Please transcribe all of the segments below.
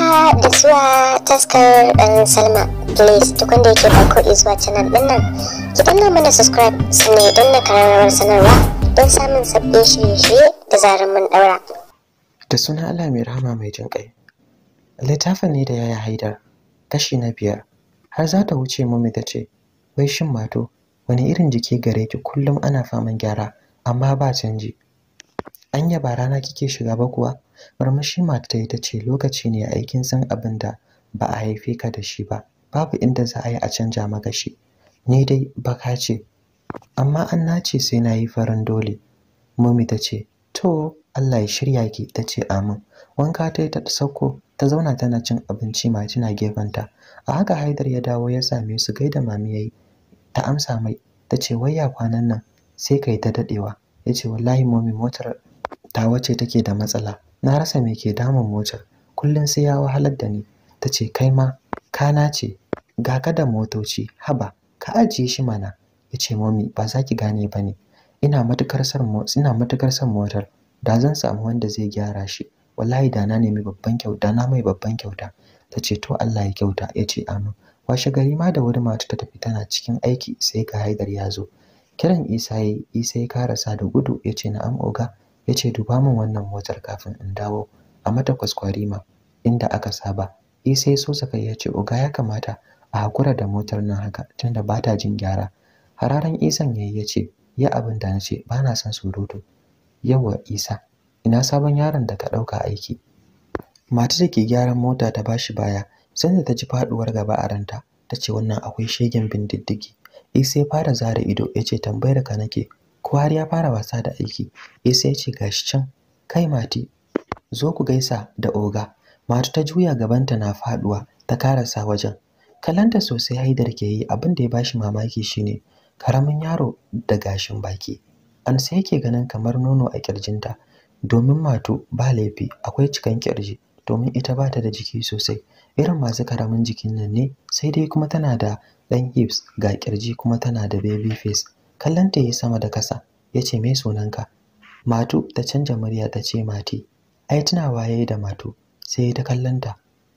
haka da zuwa taskar ɗan salma please duk wanda yake farko izuwa canal ɗin nan ki danna mana subscribe sannan don na kararrawar sanarwa don samun sabbin shirye-shirye da zarar mun ɗaura da suna allah mai rahama mai jin kai littafin ne da yaya haidar kashi na biyar har za ta wuce mu ta ce wai shin mato wani irin jiki gare ki kullum ana faman gyara amma ba canji anya ba rana kike shiga ba kuwa marmashi mata ta yi ta ce lokaci ne aikin san abin da ba a haife ka da shi ba. Babu inda za a yi a canja maka shi. Ni dai baka ce. Amma an nace sai na yi farin dole. Mummy ta ce, To, Allah ya shirya ki ta ce amin. Wanka ta yi ta sauko ta zauna tana cin abinci ma gefen gefenta. A haka Haidar ya dawo ya same su gaida mami yayi. Ta amsa mai ta ce wayya kwanan nan sai kai ta dadewa. yace wallahi mummy motar ta wace take da matsala. na rasa me ke damun motar kullum sai ya wahalar da ni ta ce kai ma na ce ga ka da motoci haba ka ajiye shi mana ya ce mami ba za ki gane ba ne ina matukar son motar da zan samu wanda zai gyara shi wallahi da na nemi babban kyauta na mai babban kyauta ta ce to Allah ya kyauta ya ce amin washe gari ma da wuri mata ta tafi tana cikin aiki sai ga haidar ya zo kiran isa ya isa ya karasa da gudu ya ce na'am oga ya ce duba min wannan motar kafin in dawo a mata kwaskwarima inda aka saba isa sai sosa kai ya ce oga ya kamata a hakura da motar nan haka tunda ba ta jin gyara hararan isan yayi ya ce ya abin da na ce ba na son surutu Yau wa isa ina sabon yaron da ka ɗauka aiki mata da ke gyaran mota ta ba shi baya da ta ji faɗuwar gaba a ranta ta ce wannan akwai shegen bindiddigi isa ya fara zara ido ya ce tambayar ka nake kwari ya fara wasa da aiki isa eh, ya ce gashi can kai mati zo ku gaisa da oga matu ta juya gabanta na faduwa ta karasa wajen kalanta sosai haidar ke yi abin da ya bashi mamaki shine karamin yaro da gashin baki an sai yake ganin kamar nono a kirjinta domin mato ba laifi akwai cikan kirji domin ita ba ta da jiki sosai irin masu karamin jikin nan ne sai dai kuma tana da ɗan hips ga kirji kuma tana da baby face kallon ta yi sama da kasa ya ce mai sunanka matu ta canja murya ta ce mati ai tunawa ya da matu sai ta kallon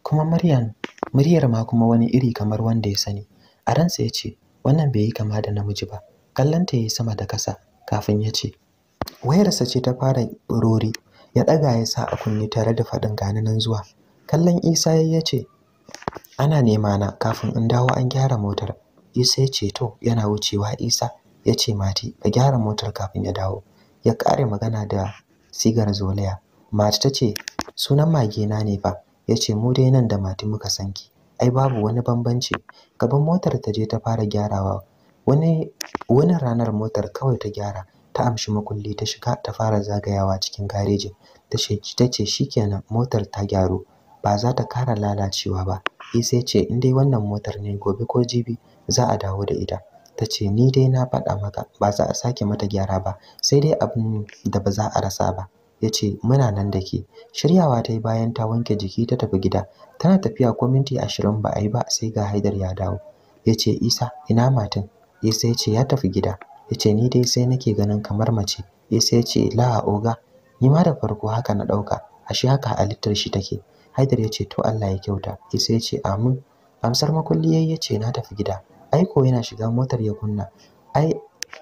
kuma muryan muryar ma kuma wani iri kamar wanda ya sani a ransa ya ce wannan bai yi kama da namiji ba kallon ta yi sama da kasa kafin ya ce wayarsa ce ta fara rori ya ɗaga ya sa a kunyi tare da faɗin ganinan zuwa kallon isa ya ce ana nema na kafin in dawo an gyara motar isa ya ce to yana wucewa isa ya ce mati ka gyara motar kafin ya dawo ya kare magana da sigar zolaya mati ta ce sunan na ne ba. ya ce mu dai nan da mati muka san ki ai babu wani bambanci gaban motar ta je ta fara gyarawa wani ranar motar kawai ta gyara ta amshi makulli ta shiga ta fara zagayawa cikin garejin ta ce ta ce shikenan motar ta gyaru ba za ta kara lalacewa ba isa e, ce in dai wannan motar ne gobe ko jibi za a dawo da ita ta ce ni dai na faɗa maka ba za a sake mata gyara ba sai dai abin da ba za a rasa ba ya ce muna nan da ke shiryawa ta yi bayan ta wanke jiki ta tafi gida tana tafiya ko minti ashirin ba a yi ba sai ga haidar ya dawo ya ce isa ina matan isa ya ce ya tafi gida ya ce ni dai sai nake ganin kamar mace isa ya ce la'a oga ni ma da farko haka na ɗauka ashe haka halittar shi take haidar ya ce to allah ya kyauta isa ya ce amin amsar makulli ya ce na tafi gida aiko yana shiga motar ya kunna ai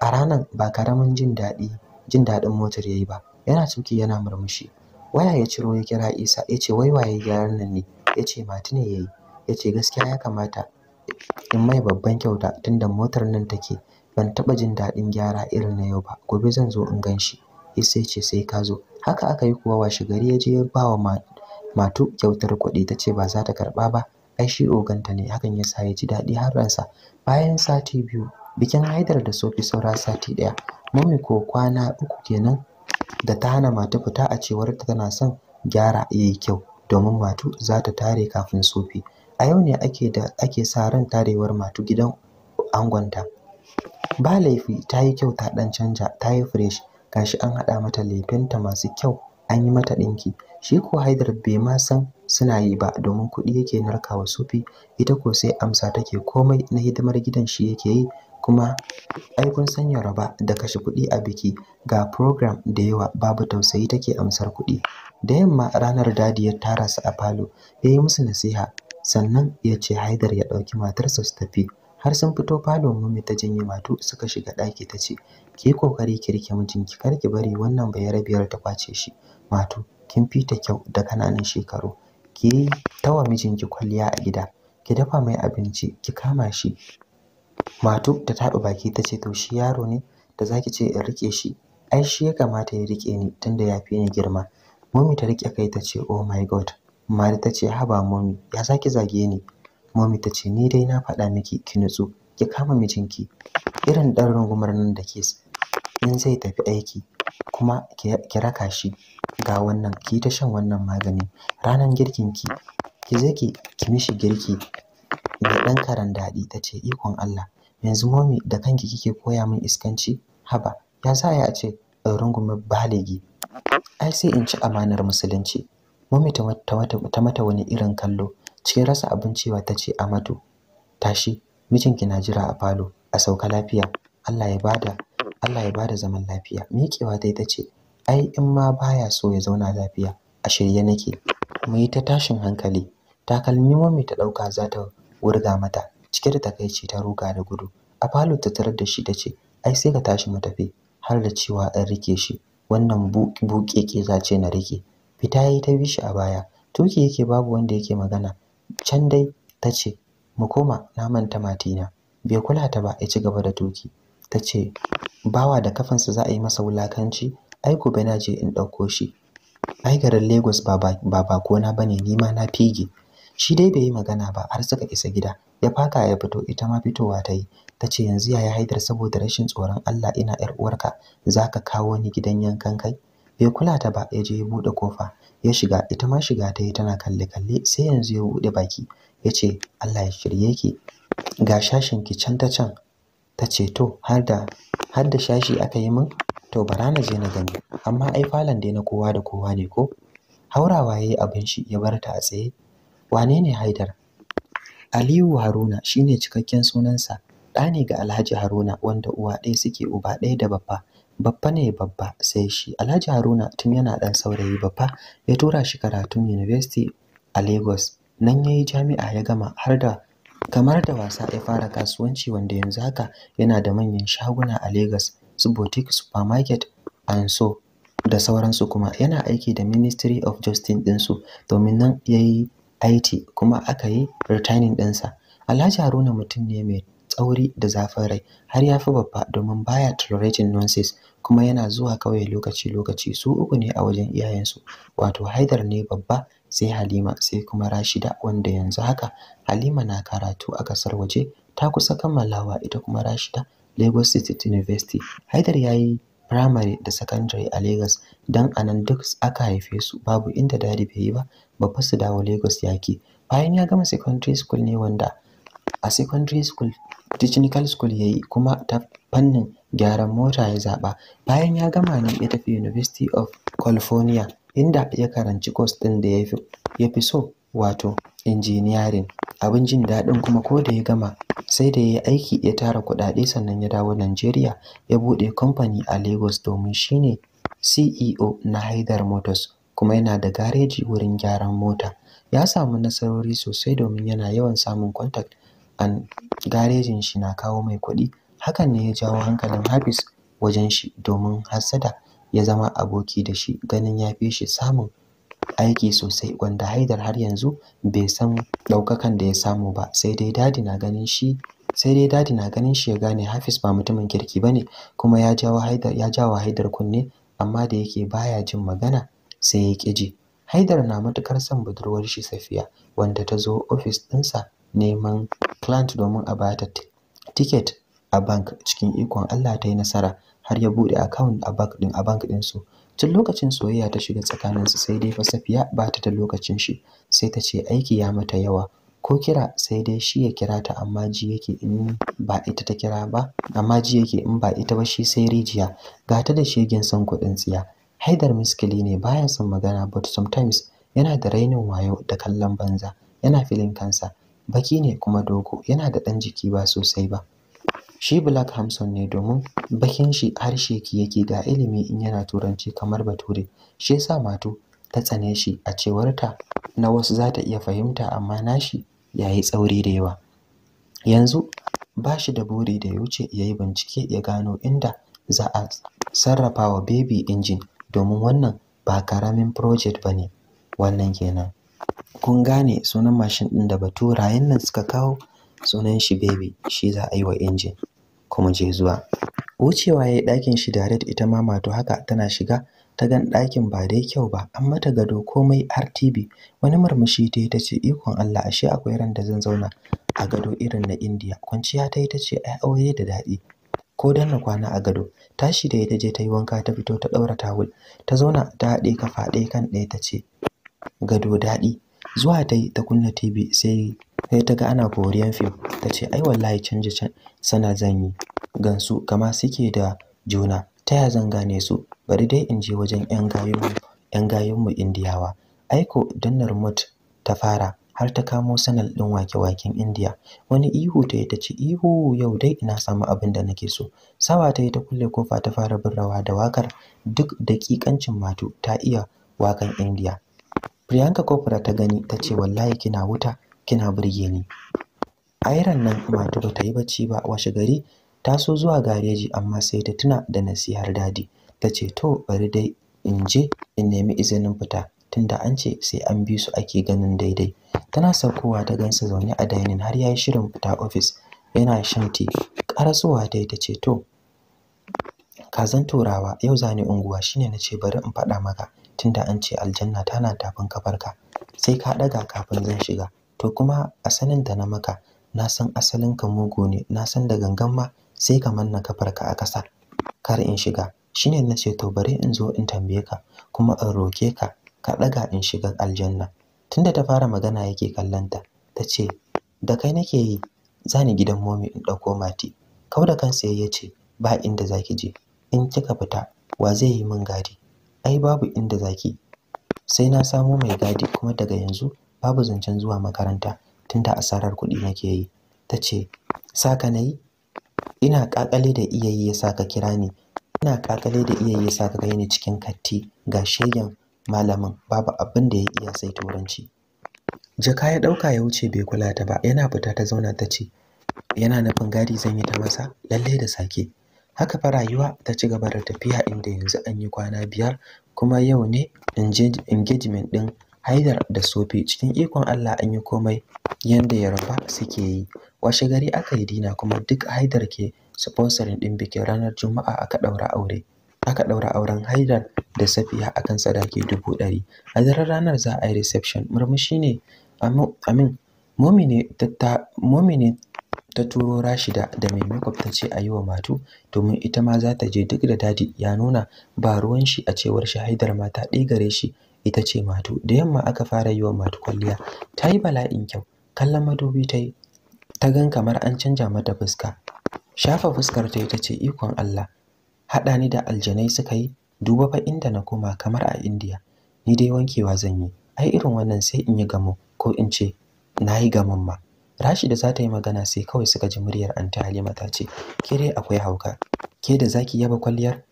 a ranan ba karamin jin daɗi jin daɗin motar ya yi ba yana tuki yana murmushi waya ya ciro ya kira Isa ya ce wai waye gyaran nan ne ya ce mati ne ya yi. ya ce gaskiya ya kamata in mai babban kyauta tunda motar nan take ban taɓa jin daɗin gyara irin na yau ba gobe zan zo in gan shi Isa ya ce sai ka zo haka aka yi kuwa washe gari ya je ya ba wa matu kyautar kuɗi ta ce ba za ta karɓa ba ai shi oganta ne hakan ya sa ya ji daɗi har ransa bayan sati biyu bikin haidar da sofi saura sati ɗaya mummy ko kwana uku kenan da ta hana mata fita a cewar ta tana son gyara yayi kyau domin matu za ta tare kafin sofi a yau ne ake da ake sa ran tarewar matu gidan angonta ba laifi ta yi kyau ta ɗan canja ta yi fresh gashi an haɗa mata lefenta masu kyau an yi mata ɗinki shi ko haidar bai ma san suna yi ba domin kuɗi yake narkawa sufi ita ko sai amsa take komai na hidimar gidan shi yake yi kuma aikun kun san da kashe kuɗi a biki ga program da yawa babu tausayi take amsar kuɗi da yamma ranar dadi ya tara su a falo ya yi musu nasiha sannan ya ce Haidar ya ɗauki matarsa su tafi har sun fito falo mummi ta janye matu suka shiga ɗaki ta ce ki kokari ki rike mijinki kar ki bari wannan bayarabiyar ta kwace shi matu kin fita kyau da kananan shekaru ki ta wa mijinki kwalliya a gida ki dafa mai abinci ki kama shi matu ta taɓa baki ta ce to shi yaro ne da zaki ce in rike shi ai shi ya kamata ya rike ni tunda ya fi ni girma momi ta rike kai ta ce oh my god mari ta ce haba momi ya zaki zage ni momi ta ce ni dai na faɗa miki ki nutsu ki kama mijinki irin ɗan rungumar nan da ke in zai tafi aiki kuma ki raka shi ga wannan ki ta shan wannan magani ranan girkin ki ki je ki ki mishi girki da dan karan dadi tace ikon Allah yanzu mommy da kanki kike koya min iskanci haba ya sa ya ce in rungume baligi ai sai in ci amanar musulunci mommy ta mata ta mata wani irin kallo cikin rasa abin cewa tace matu. tashi mijinki na jira a falo a sauka lafiya Allah ya bada Allah ya bada zaman lafiya miƙewa dai tace ai in ma baya so ya zauna lafiya a shirye nake mu yi ta tashin hankali takalmi mami ta ɗauka za ta wurga mata cike da takaici ta ruga da gudu a falo ta tarar da shi ta ce ai sai ka tashi mu tafi har da cewa an rike shi wannan buƙeƙe za ce na rike fita yi ta bi shi a baya tuki yake babu wanda yake magana can dai ta ce mu koma na manta matina bai kula ta ba ya ci gaba da tuki ta ce bawa da kafansa za a yi masa wulakanci ai gobe na je in ɗauko shi ai garin Lagos ba bakona ba ne, nima na fige shi dai bai yi magana ba har suka isa gida ya faka ya fito ita ma fitowa ta yi ta ce yanzu yaya haidar saboda rashin tsoron Allah ina yar uwarka za ka kawo ni gidan yankan kai bai kula ta ba ya je ya buɗe kofa ya shiga ita ma shiga ta yi tana kalle kalle sai yanzu ya buɗe baki ya ce Allah ya shirye ki ga shashin ki can ta can ta ce to har da har da shashi aka yi min to bara na je na gani amma ai falon dai na kowa da kowa ne ko haurawa yayi abin shi ya bar ta a tsaye wane ne haidar aliyu haruna shine cikakken sunansa ɗa ne ga alhaji haruna wanda uwa ɗaya suke uba ɗaya da babba babba ne babba sai shi alhaji haruna tun yana ɗan saurayi babba ya tura shi karatun university a lagos nan yayi jami'a ya gama har da kamar da wasa ya fara kasuwanci wanda yanzu haka yana da manyan shaguna a Lagos su boutique supermarket and so da sauransu kuma yana aiki da ministry of justice ɗinsu domin nan ya yi aiti kuma aka yi returning ɗinsa alhaji haruna mutum ne mai tsauri da zafin rai har ya fi babba domin baya tolerating nonsense kuma yana zuwa kawai lokaci-lokaci su uku ne a wajen iyayensu wato haidar ne babba sai halima sai kuma rashida wanda yanzu haka halima na karatu a kasar waje ta kusa kammalawa ita kuma rashida Lagos State University. Haidar ya yi primary da secondary a Lagos don a nan duk aka haife su babu inda dadi bai yi ba babba su dawo Lagos yaki Bayan ya gama secondary school ne wanda a secondary school technical school ya yi kuma ta fannin gyaran mota ya zaɓa. Bayan ya gama ne ya tafi University of California inda ya karanci course ɗin da ya fi so wato injiniyarin abin jin daɗin kuma ko da ya gama sai da ya aiki ya tara kuɗaɗe sannan ya dawo Najeriya ya buɗe kamfani a Lagos domin shine CEO na Haidar Motors kuma yana da gareji wurin gyaran mota ya samu nasarori sosai domin yana yawan samun contact an garejin shi na kawo mai kuɗi hakan ne ya jawo hankalin Hafiz wajen shi domin Hassada ya zama aboki da shi ganin ya fi shi samun aiki sosai wanda Haidar har yanzu bai san ɗaukakan da ya samu ba sai dai dadi na ganin shi sai dai dadi na ganin shi ya gane Hafiz ba mutumin kirki bane kuma ya jawo Haidar ya jawo Haidar kunne amma da yake baya jin magana sai ya kiji Haidar na matukar son budurwar shi Safiya wanda ta zo ofis dinsa neman client domin a bata ticket a bank cikin ikon Allah ta yi nasara har ya bude account a bank din a bank din su tun lokacin soyayya ta shiga tsakaninsu sai dai fa safiya ba ta da lokacin shi sai ta ce aiki ya mata yawa ko kira sai dai shi ya kira ta amma ji yake in ba ita ta kira ba amma ji yake in ba ita ba shi sai rijiya ga ta da shegen son kuɗin tsiya haidar miskili ne baya son magana but sometimes yana da rainin wayo da kallon banza yana filin kansa baki ne kuma dogo yana da ɗan jiki ba sosai ba shi Black Hamson ne domin bakin shi harshe ki yake ga ilimi in yana turanci kamar bature shi yasa mato ta tsane shi a cewar ta na wasu za ta iya fahimta amma nashi yayi tsauri da yawa yanzu ba shi da buri da ya wuce ya yi bincike ya gano inda za a sarrafa wa baby engine domin wannan ba karamin project ba ne wannan kenan kun gane sunan mashin ɗin da baturayen nan suka kawo sunan shi baby shi za a yi wa injin kuma je zuwa wucewa yayi ɗakin shi da ita ma mato haka tana shiga ta gan ɗakin ba dai kyau ba an mata gado komai har TV wani murmushi ta yi tace ikon Allah ashe akwai ran da zan zauna a gado irin na Indiya?" kwanciya ta yi tace ai aure da daɗi ko don na kwana a gado tashi da ita je ta yi wanka ta fito ta ɗaura tawul ta zauna ta haɗe kafa ɗaya kan ɗaya tace gado daɗi zuwa ta yi ta kunna tv sai sai ta ga ana koriyan fim ta ce ai wallahi canji can sana zan yi gansu kama suke da juna ta ya zan gane su bari dai in je wajen yan gayun yan gayunmu indiyawa aiko dannar Narmut ta fara har ta kamo sanal ɗin wake-waken indiya wani ihu ta yi ta ce ihu yau dai ina samu abin da nake so sawa ta yi ta kulle kofa ta fara bin rawa da wakar duk dakikancin matu ta iya wakan indiya Priyanka kofra ta gani ta ce wallahi kina wuta kina burge ni. Airan nan mata ba ta yi bacci ba washe gari ta so zuwa gareji amma sai ta tuna da nasihar dadi ta ce to bari dai in je in nemi izinin fita tunda an ce sai an bi su ake ganin daidai. Tana saukowa ta gansa zaune a dining har ya yi shirin fita ofis yana shan tea. Karasowa dai ta ce to kazan turawa yau zane unguwa shine na ce bari in faɗa maka tunda an ce aljanna tana tafin kafarka sai ka ɗaga kafin zan shiga to kuma a sanin da na maka na san asalin ka mugu ne na san da gangan ma sai ka manna kafarka a ƙasa kar in shiga shine na ce to bari in zo in tambaye ka kuma in roke ka ka ɗaga in shiga aljanna tunda ta fara magana yake kallanta ta ce da kai nake yi Zani gidan momi in ɗauko mati kau da kansa ya ce ba inda zaki je in kika fita wa zai yi min gadi ai babu inda zaki sai na samo mai gadi kuma daga yanzu babu zancen zuwa makaranta tunda asarar kuɗi nake yi tace saka nayi ina kakale da iyayi ya saka kira ni ina kakale da iyayi ya saka kai ni cikin katti ga shegen malamin babu abin da ya iya sai turanci jaka ya ɗauka ya wuce bai kula ta ba yana fita ta zauna tace yana nufin gadi zan yi ta masa lallai da sake haka fa rayuwa ta ci gaba da tafiya inda yanzu an yi kwana biyar kuma yau ne engagement din haidar da sofi cikin ikon allah an yi komai yanda yarba suke yi washe gari aka yi dina kuma duk haidar ke sponsorin din bikin ranar juma'a aka daura aure aka daura auren haidar da safiya akan sadaki dubu ɗari a daren ranar za a yi reception murmushi ne amin momi ne ta turo Rashida da mai makeup ta ce a yi wa Matu domin ita ma za ta je duk da dadi ya nuna ba ruwan shi a cewar shi Haidar ma ta gare shi ita ce Matu da yamma aka fara yi wa Matu kwalliya ta yi bala'in kyau kallon madubi ta yi ta gan kamar an canja mata fuska shafa fuskar ta ita ce ikon Allah haɗa ni da aljanai suka yi duba fa inda na koma kamar a Indiya ni dai wankewa zan yi ai irin wannan sai in yi gamo ko in ce na yi gamon ma Rashida za ta yi magana sai kawai suka ji muryar Anta Halima ta ce, "Ke akwai hauka, ke da zaki yaba kwalliyar?"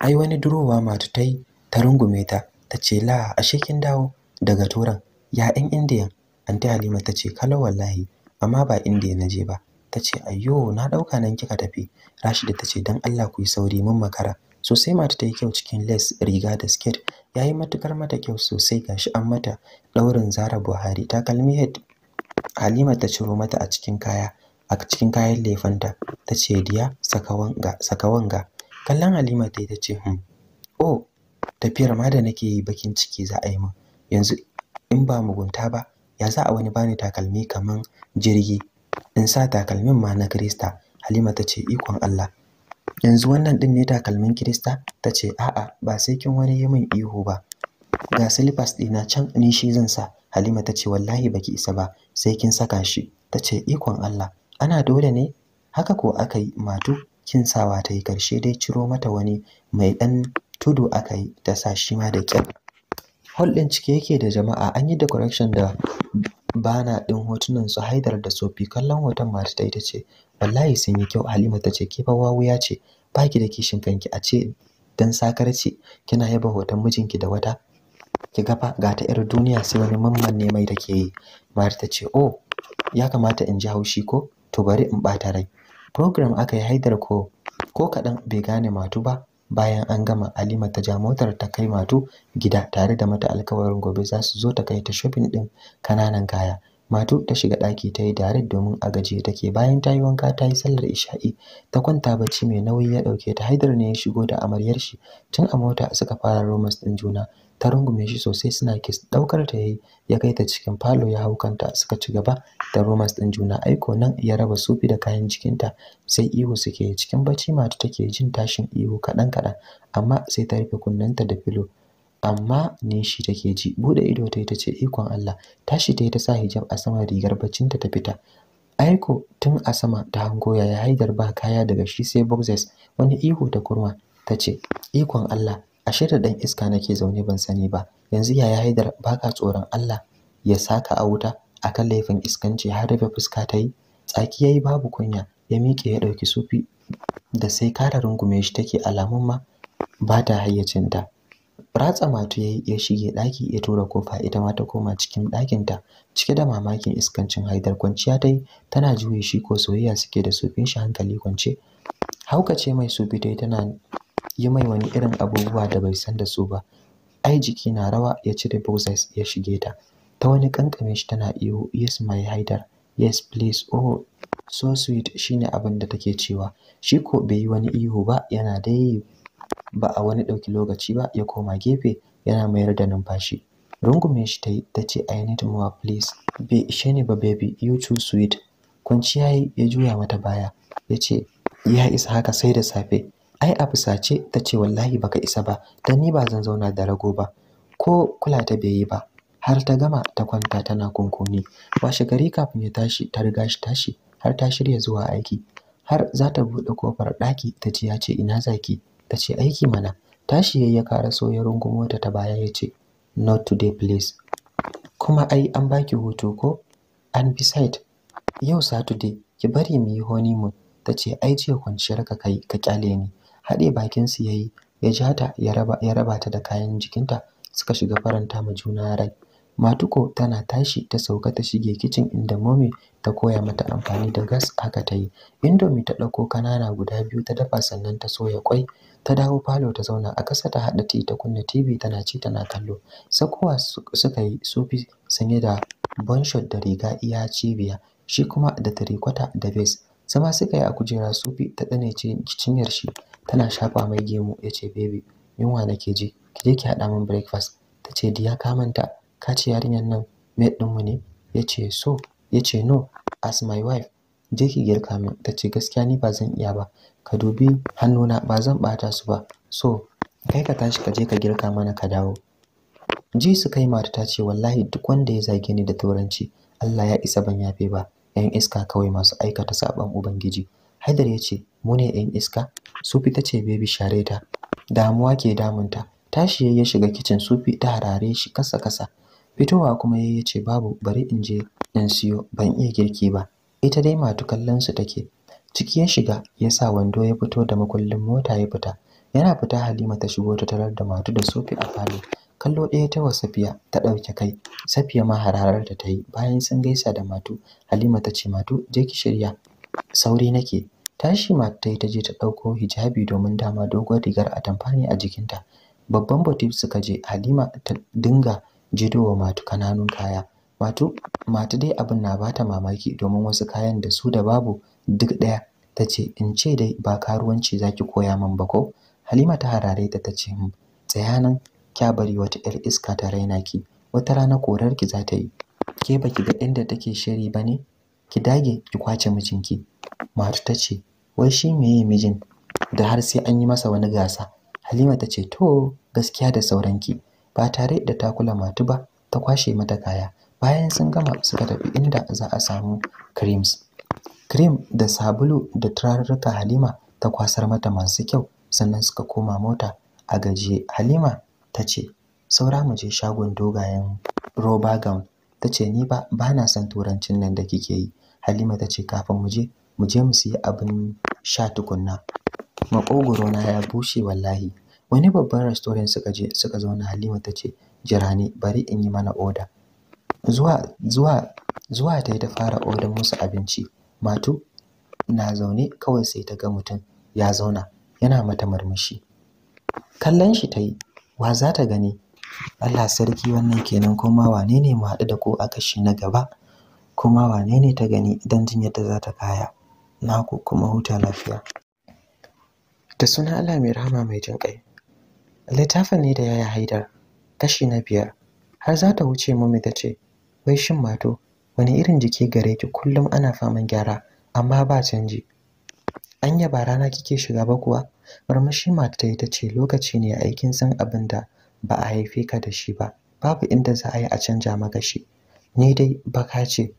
Ai wani durowa matu ta yi ta rungume ta, ta ce, "La, ashe kin dawo daga turan, ya ɗan Indiyan?" Anta Halima ta ce, "Kalau wallahi, amma ba Indiya na je ba." Ta ce, "Ayyo, na ɗauka nan kika tafi." Rashida ta ce, "Dan Allah ku yi sauri mun makara." Sosai mata ta yi kyau cikin les riga da skirt, ya yi matukar mata kyau sosai gashi an mata ɗaurin Zara Buhari ta kalmi head Halima ta ciro mata a cikin kaya a cikin kayan lefanta ta ce diya saka wanga saka wanga kallon Halima ta ta ce hmm oh tafiyar ma da nake yi bakin ciki za a yi min yanzu in ba mugunta ba ya za a wani bani takalmi kaman jirgi in sa takalmin ma na Krista Halima ta ce ikon Allah yanzu wannan din ne takalmin Krista ta ce a'a ba sai kin wani yi min ihu ba ga slippers dina can ni shi zan sa Halima ta ce wallahi baki isa ba sai kin saka shi ta ce ikon Allah ana dole ne haka ko aka yi matu sawa ta yi karshe dai ciro mata wani mai ɗan tudu aka yi ta sa shi ma da kyau hol ɗin cike yake da jama'a an yi decoration da bana ɗin hotunan su haidar da sofi kallon hoton mata ta yi ce wallahi sun yi kyau halima ta ce kifa wawuya ce baki da kishin kanki a ce dan sakarci kina yaba hoton mijinki da wata ki gafa ga ta yar duniya sai wani mamman ne mai take yi mari ta ce oh ya kamata in ji haushi ko to bari in bata rai program aka yi haidar ko ko kaɗan bai gane matu ba bayan an gama alima ta ja motar ta kai Matu gida tare da mata alkawarin gobe za su zo ta kai ta shopping din kananan kaya Matu ta shiga ɗaki ta yi dare domin a gaje take bayan ta yi wanka ta yi sallar isha'i ta kwanta bacci mai nauyi ya ɗauke ta Haidar ne ya shigo da amaryar shi tun a mota suka fara romance din juna ta rungume shi sosai suna kis daukar ta yayi ya kai ta cikin falo ya haukanta suka ci gaba da romance din juna aiko nan ya raba sufi da kayan jikinta sai ihu suke cikin bacci mata take jin tashin ihu kadan kadan amma sai ta rufe kunnanta da filo amma ne shi take ji bude ido ta tace ikon Allah tashi ta ta sa hijab a sama rigar baccinta ta fita aiko tun a sama ta hango yaya haidar ba kaya daga shi sai boxes wani ihu ta kurma ta ce ikon Allah ashe da dan iska nake zaune ban sani ba yanzu yaya haidar baka tsoron Allah ya saka a wuta a kan laifin iskanci har da fuska ta yi tsaki yayi babu kunya ya miƙe ya ɗauki sufi da sai kara rungume shi take alamun ma ba ta hayyacinta ratsa matu yayi ya shige ɗaki ya tura kofa ita ma ta koma cikin ɗakinta cike da mamakin iskancin haidar kwanciya ta yi tana juye shi ko soyayya suke da sufin shi hankali kwance haukace mai sufi yi tana yi mai wani irin abubuwa da bai san da su ba ai jiki na rawa ya cire boxers ya shige ta ta wani kankame shi tana iyo yes my hider yes please oh so sweet shine abin da take cewa shi ko bai yi wani iyo ba yana dai ba a wani ɗauki lokaci ba ya koma gefe yana mayar da numfashi rungume shi ta yi ta ce i need more please bai ishe ni ba baby you too sweet kwanciya ya juya mata baya ya ce ya isa haka sai da safe ai a fusace ta ce wallahi baka isa ba dan ni ba zan zauna da rago ba ko kula ta bai yi ba har ta gama ta kwanta tana kunkuni washe gari kafin ya tashi ta riga shi tashi har ta shirya zuwa aiki har za ta buɗe kofar ɗaki ta ce ya ce ina zaki ta ce aiki mana tashi yayi ya kara so ya rungumo ta ta baya ya ce not today please kuma ai an baki hutu ko an bi beside yau saturday ki bari mu yi honeymoon ta ce ai jiya kwanciyar ka kai ka kyale ni haɗe bakinsu ya yi ya ja ta ya raba ta da kayan jikinta suka shiga faranta ma juna rai matuko tana tashi ta sauka ta shige kicin inda momi ta koya mata amfani da gas haka ta yi indomi ta ɗauko kanana guda biyu ta dafa sannan ta soya kwai ta dawo falo ta zauna a ƙasa ta haɗa ti ta kunna tv tana ci tana kallo sakowa suka yi sufi sanye da bonshot da riga iya cibiya shi kuma da tirikwata da bes. zama suka yi a kujera sufi ta tsane ce cinyar shi tana shafa mai gemu ya ce baby yunwa na ke ji ki je ki haɗa min breakfast ta ce da ya kamanta, ka ce yarinyar nan mate ɗinmu ne ya ce so ya ce no as my wife je ki girka min ta ce gaskiya ni ba zan iya ba ka dubi hannuna ba zan ɓata su ba so kai ka tashi ka je ka girka mana ka dawo ji su kai mata ta ce wallahi duk wanda ya zage ni da turanci Allah ya isa ban yafe ba 'yan iska kawai masu aikata saɓan ubangiji haidar ya ce mu ne 'yan iska sufi ta ce bebi share ta damuwa ke damunta tashi ya shiga kicin sufi ta harare shi kasa kasa fitowa kuma ya ce babu bari in je in siyo ban iya girki ba ita dai matu kallon su take ciki ya shiga ya sa wando ya fito da makullin mota ya fita yana fita halima ta shigo ta tarar da matu da sufi a falo kallo ɗaya ta wa safiya ta ɗauke kai safiya ma hararar ta yi bayan sun gaisa da matu halima ta ce matu je ki shirya sauri nake tashi matu ta yi ta je ta ɗauko hijabi domin dama dogon rigar atamfani a jikinta babban botif suka je halima ta dinga jidowa matu kananun kaya matu matu dai abin na bata mamaki domin wasu kayan da su da babu duk ɗaya ta ce in ce dai ba karuwanci zaki koya min ba ko halima ta harare ta ta ce hmm, tsaya nan kya bari wata 'yar iska ta raina ki wata rana korar ki za ta yi ke baki ga inda take shiri ba ne ki dage ki kwace mijinki matu ta ce wai shi meye mijin da har sai an yi masa wani gasa halima ta ce to gaskiya da sauranki ba tare da ta kula matu ba ta kwashe mata kaya bayan sun gama suka tafi inda za a samu creams cream da sabulu da turarruka halima ta kwasar mata masu kyau sannan suka koma mota a gajiye halima ta ce saura mu je shagon dogayen roba gam ta ce ni ba ba na son turancin nan da kike yi halima ta ce kafin mu je mu je mu siya abin sha tukunna makogoro na ya bushe wallahi wani babban restaurant suka je suka zauna halima ta ce jira ni, bari in yi mana oda zuwa zuwa zuwa ta yi ta fara odan musu abinci matu na zaune kawai sai ta ga mutum ya zauna yana mata murmushi kallon shi ta yi wa za ta gani Allah sarki wannan kenan kuma wane ne mu haɗu da ku a kashi na gaba kuma wane ne ta gani don jin yadda za ta kaya Na ku kuma huta lafiya da suna Allah mai rahama mai jin kai littafin ne da yaya haidar kashi na biyar har za ta wuce mami ta ce wai shin mato wani irin jiki gare ki kullum ana faman gyara amma ba canji anya ba rana kike shiga ba kuwa murmushi mata ita ce lokaci ne aikin san abin da ba a haife ka da shi ba babu inda za a yi a canja maka shi ni dai baka ce